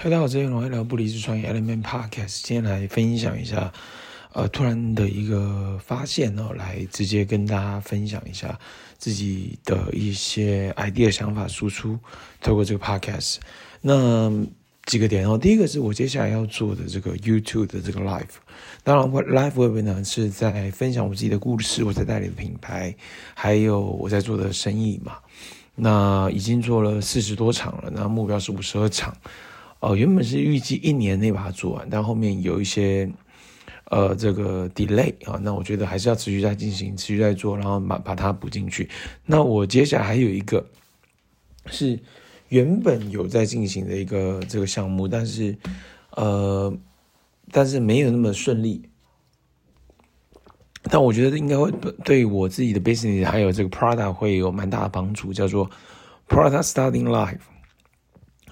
嗨，大家好，這裡是 Allen 聊不離職創業 Element Podcast。今天來分享一下，呃，突然的一個發現呢，哦，來直接跟大家分享一下自己的一些 idea 想法輸出。透過這個 podcast，那幾個點哦，第一個是我接下來要做的這個 YouTube 的這個 live。當然，live 這邊呢是在分享我自己的故事，我在代理的品牌，還有我在做的生意嘛。那已經做了四十多場了，那目標是五十二場。哦，原本是預計一年內把它做完，但後面有一些呃這個 delay 啊，那我覺得還是要持續在進行，持續在做，然後把把它補進去。那我接下來還有一個是原本有在進行的一個這個項目，但是呃，但是沒有那麼順利，但我覺得應該會對我自己的 business 還有這個 product 會有蠻大的幫助，叫做 product starting life。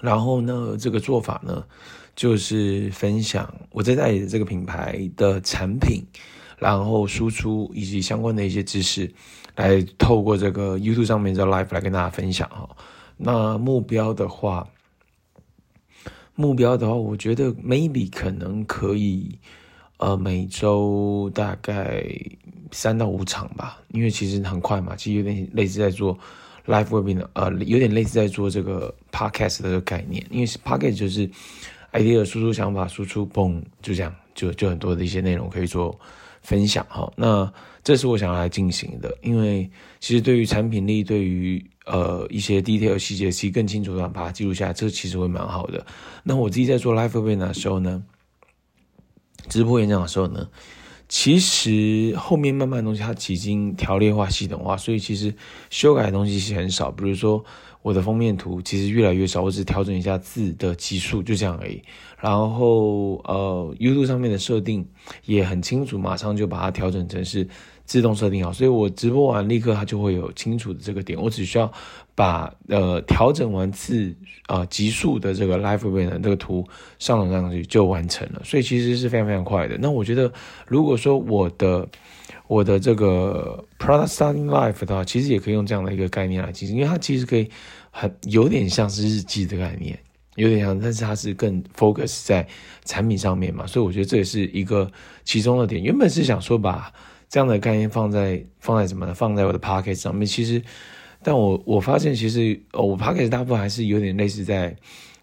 然後呢，這個做法呢，就是分享我在代理的這個品牌的產品，然後輸出以及相關的一些知識，來透過這個 YouTube 上面的 Live 來跟大家分享。那目標的話，目標的話，我覺得 maybe 可能可以，呃，每週大概三到五場吧，因為其實很快嘛，其實有點類似在做。Life Webinar 呃，有點類似在做這個 podcast 的概念，因為 podcast 就是 idea 輸出，想法輸出，砰，就這樣就就很多的一些內容可以做分享哈。那這是我想要來進行的，因為其實對於產品力，對於呃一些 detail 細節，其實更清楚的話把它記錄下來，這其實會蠻好的。那我自己在做 Life Webinar 的時候呢，直播演講的時候呢。其實後面慢慢的東西它已經條列化、系統化，所以其實修改的東西是很少。比如說我的封面圖其實越來越少，我只調整一下字的級數，就這樣而已。然後呃，YouTube 上面的設定也很清楚，馬上就把它調整成是。自動設定好，所以我直播完立刻它就會有清楚的這個點，我只需要把呃調整完次啊急速的這個 live version 這個圖上傳上去就完成了，所以其實是非常非常快的。那我覺得，如果說我的我的這個 product starting life 的話，其實也可以用這樣的一個概念來進行，因為它其實可以很有點像是日記的概念，有點像，但是它是更 focus 在產品上面嘛，所以我覺得這也是一個其中的點。原本是想說把。這樣的概念放在放在什麼呢？放在我的 podcast 上面。其實，但我我發現，其實、哦、我 podcast 大部分還是有點類似在。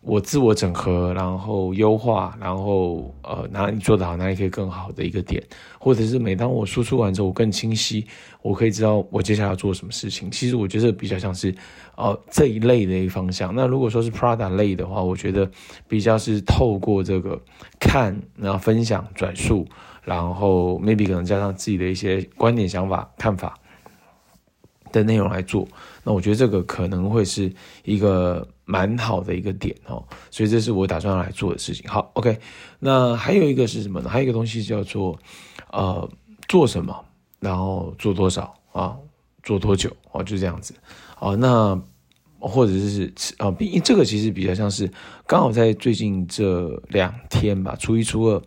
我自我整合，然後優化，然後呃，哪裡做得好，哪裡可以更好的一個點，或者是每當我輸出完之後，我更清晰，我可以知道我接下來要做什麼事情。其實我覺得比較像是，呃，這一類的一個方向。那如果說是 product 類的話，我覺得比較是透過這個看，然後分享、轉述，然後 maybe 可能加上自己的一些觀點、想法、看法的內容來做。那我覺得這個可能會是一個。蠻好的一個點哦，所以這是我打算來做的事情。好，OK，那還有一個是什麼呢？還有一個東西叫做，呃，做什麼，然後做多少啊，做多久啊，就這樣子啊。那或者是吃啊、呃，因為這個其實比較像是剛好在最近這兩天吧，初一初二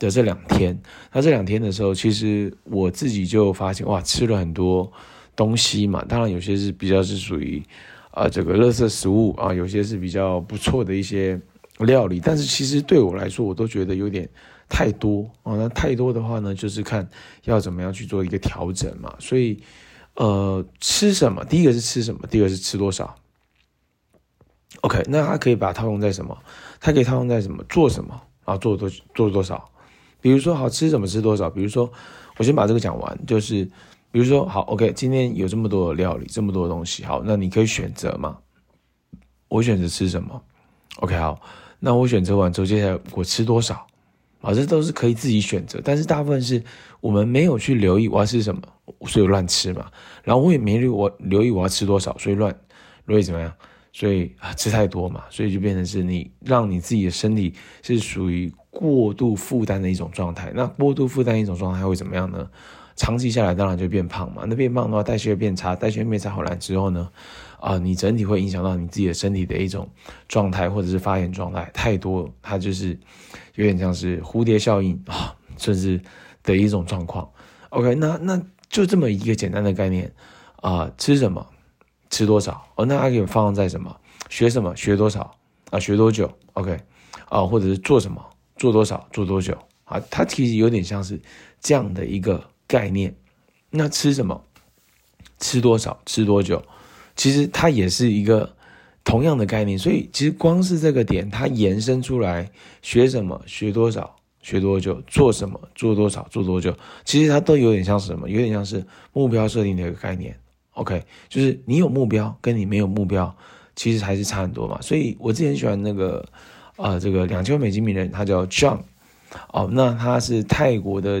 的這兩天。那這兩天的時候，其實我自己就發現哇，吃了很多東西嘛，當然有些是比較是屬於。啊，這個垃圾食物啊，有些是比較不錯的一些料理，但是其實對我來說，我都覺得有點太多啊。那太多的話呢，就是看要怎麼樣去做一個調整嘛。所以，呃，吃什麼？第一個是吃什麼，第二個是吃多少。OK，那它可以把它套用在什麼？它可以套用在什麼？做什麼？啊，做多做多少？比如說好吃什麼吃多少？比如說，我先把這個講完，就是。比如說，好，OK，今天有這麼多的料理，這麼多的東西，好，那你可以選擇嗎？我選擇吃什麼？OK，好，那我選擇完之後，接下來我吃多少？啊，這都是可以自己選擇，但是大部分是我們沒有去留意我要吃什麼，所以亂吃嘛。然後我也沒留我留意我要吃多少，所以亂，所以怎麼樣？所以啊，吃太多嘛，所以就變成是你讓你自己的身體是屬於過度負擔的一種狀態。那過度負擔一種狀態會怎麼樣呢？長期下來，當然就變胖嘛。那變胖的話，代謝變差，代謝變差好難。之後呢，啊、呃，你整體會影響到你自己的身體的一種狀態，或者是發炎狀態太多，它就是有點像是蝴蝶效應啊，甚至的一種狀況。OK，那那就這麼一個簡單的概念啊、呃，吃什麼，吃多少？哦，那還可以放在什麼？學什麼？學多少？啊、呃，學多久？OK，啊、呃，或者是做什麼？做多少？做多久？啊，它其實有點像是這樣的一個。概念，那吃什麼，吃多少，吃多久，其實它也是一個同樣的概念。所以，其實光是這個點，它延伸出來學什麼，學多少，學多久，做什麼，做多少，做多久，其實它都有點像是什麼，有點像是目標設定的一個概念。OK，就是你有目標，跟你沒有目標，其實還是差很多嘛。所以我之前喜歡那個啊、呃，這個兩千萬美金名人，他叫 John 哦，那他是泰國的。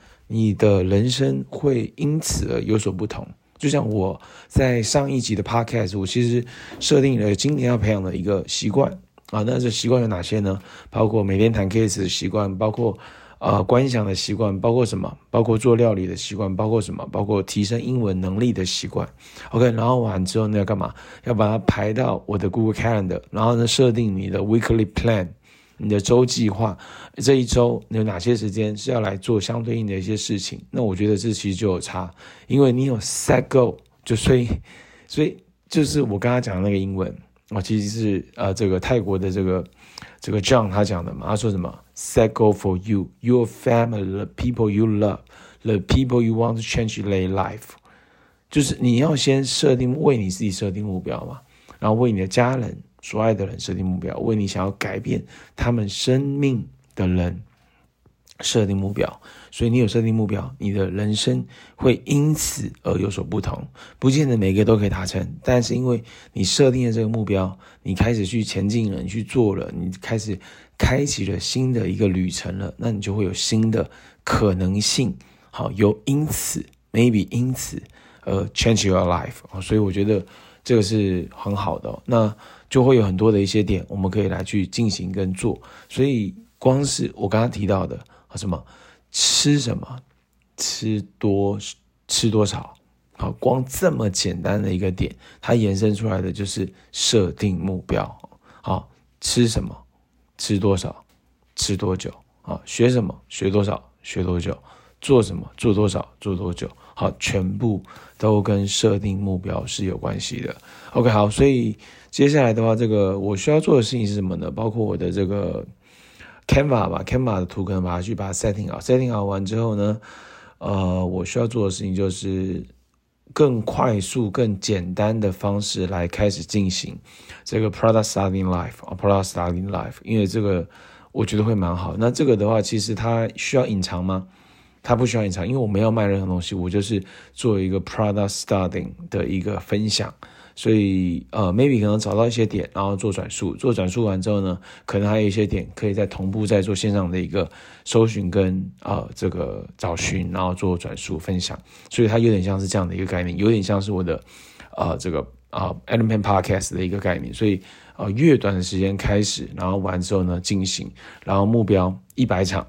你的人生會因此而有所不同。就像我在上一集的 podcast，我其實設定了今年要培養的一個習慣啊。那這習慣有哪些呢？包括每天談 case 的習慣，包括啊、呃、觀想的習慣，包括什麼？包括做料理的習慣，包括什麼？包括提升英文能力的習慣。OK，然後完之後呢，要幹嘛？要把它排到我的 Google Calendar，然後呢，設定你的 weekly plan。你的周計劃，這一周你有哪些時間是要來做相對應的一些事情？那我覺得這其實就有差，因為你有 set go 就所以所以就是我剛剛講的那個英文，我其實是呃這個泰國的這個這個 John 他講的嘛，他說什麼 set go for you, your family, the people you love, the people you want to change your life，就是你要先設定為你自己設定目標嘛，然後為你的家人。所愛的人設定目標，為你想要改變他們生命的人設定目標。所以你有設定目標，你的人生會因此而有所不同。不見得每個都可以達成，但是因為你設定了這個目標，你開始去前進了，你去做了，你開始開啟了新的一個旅程了。那你就會有新的可能性。好，有因此，maybe 因此，呃，change your life。所以我覺得這個是很好的。那就會有很多的一些點，我們可以來去進行跟做。所以光是我剛剛提到的啊，什麼吃什麼，吃多吃多少，好，光這麼簡單的一個點，它延伸出來的就是設定目標。好，吃什麼，吃多少，吃多久？啊，學什麼，學多少，學多久？做什麼，做多少，做多久？好，全部都跟設定目標是有關係的。OK，好，所以。接下來的話，這個我需要做的事情是什麼呢？包括我的這個 Canva 吧，Canva 的圖可能把它去把它 setting 好，setting 好完之後呢，呃，我需要做的事情就是更快速、更簡單的方式來開始進行這個 product starting life，啊，product starting life，因為這個我覺得會蠻好。那這個的話，其實它需要隱藏嗎？它不需要隱藏，因為我沒有賣任何東西，我就是做一個 product starting 的一個分享。所以，呃，maybe 可能找到一些點，然後做轉述，做轉述完之後呢，可能還有一些點可以再同步再做線上的一個搜尋跟呃這個找尋，然後做轉述分享。所以它有點像是這樣的一個概念，有點像是我的，呃，這個呃 Element Podcast 的一個概念。所以，呃，越短的時間開始，然後完之後呢進行，然後目標一百場、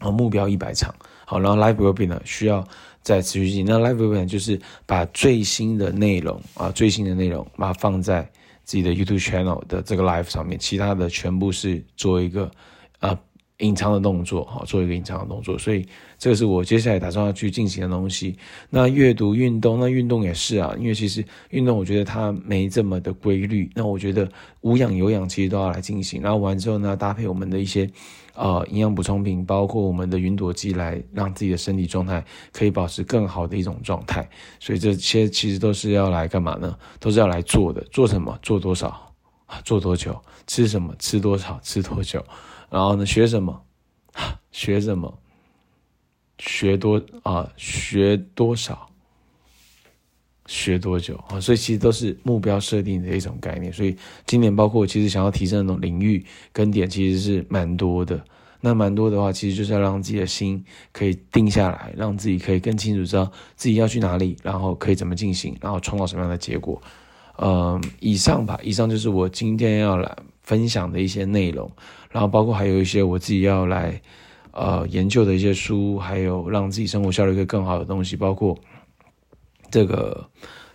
哦，目標一百場。好，然後 live webinar 需要再持續進行。那 live webinar 就是把最新的內容啊，最新的內容，把它放在自己的 YouTube channel 的這個 live 上面，其他的全部是做一個啊。隱藏的動作，好，做一個隱藏的動作，所以這個是我接下來打算要去進行的東西。那閱讀運動，那運動也是啊，因為其實運動我覺得它沒這麼的規律。那我覺得無氧有氧其實都要來進行，然後完之後呢，搭配我們的一些呃營養補充品，包括我們的雲朵肌，來讓自己的身體狀態可以保持更好的一種狀態。所以這些其實都是要來幹嘛呢？都是要來做的，做什麼？做多少？做多久？吃什麼？吃多少？吃多久？然後呢？學什麼？學什麼？學多啊、呃？學多少？學多久啊、哦？所以其實都是目標設定的一種概念。所以今年包括我其實想要提升的領域跟點，其實是蠻多的。那蠻多的話，其實就是要讓自己的心可以定下來，讓自己可以更清楚知道自己要去哪裡，然後可以怎麼進行，然後創造什麼樣的結果。嗯、呃，以上吧。以上就是我今天要來分享的一些內容，然後包括還有一些我自己要來，呃，研究的一些書，還有讓自己生活效率會更好的東西，包括這個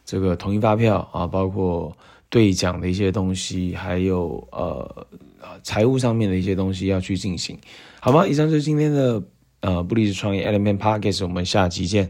這個統一發票啊，包括兌獎的一些東西，還有呃財務上面的一些東西要去進行，好嗎？以上就是今天的呃不離職創業 Element Podcast，我們下期見。